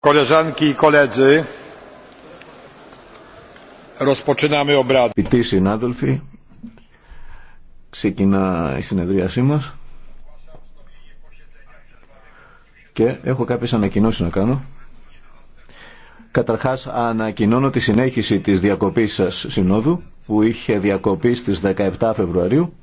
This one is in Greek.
Koleżanki i koledzy, συνάδελφοι, ξεκινά η συνεδρίασή μας και έχω κάποιες ανακοινώσεις να κάνω. Καταρχάς ανακοινώνω τη συνέχιση της διακοπής σας συνόδου που είχε διακοπή στις 17 Φεβρουαρίου.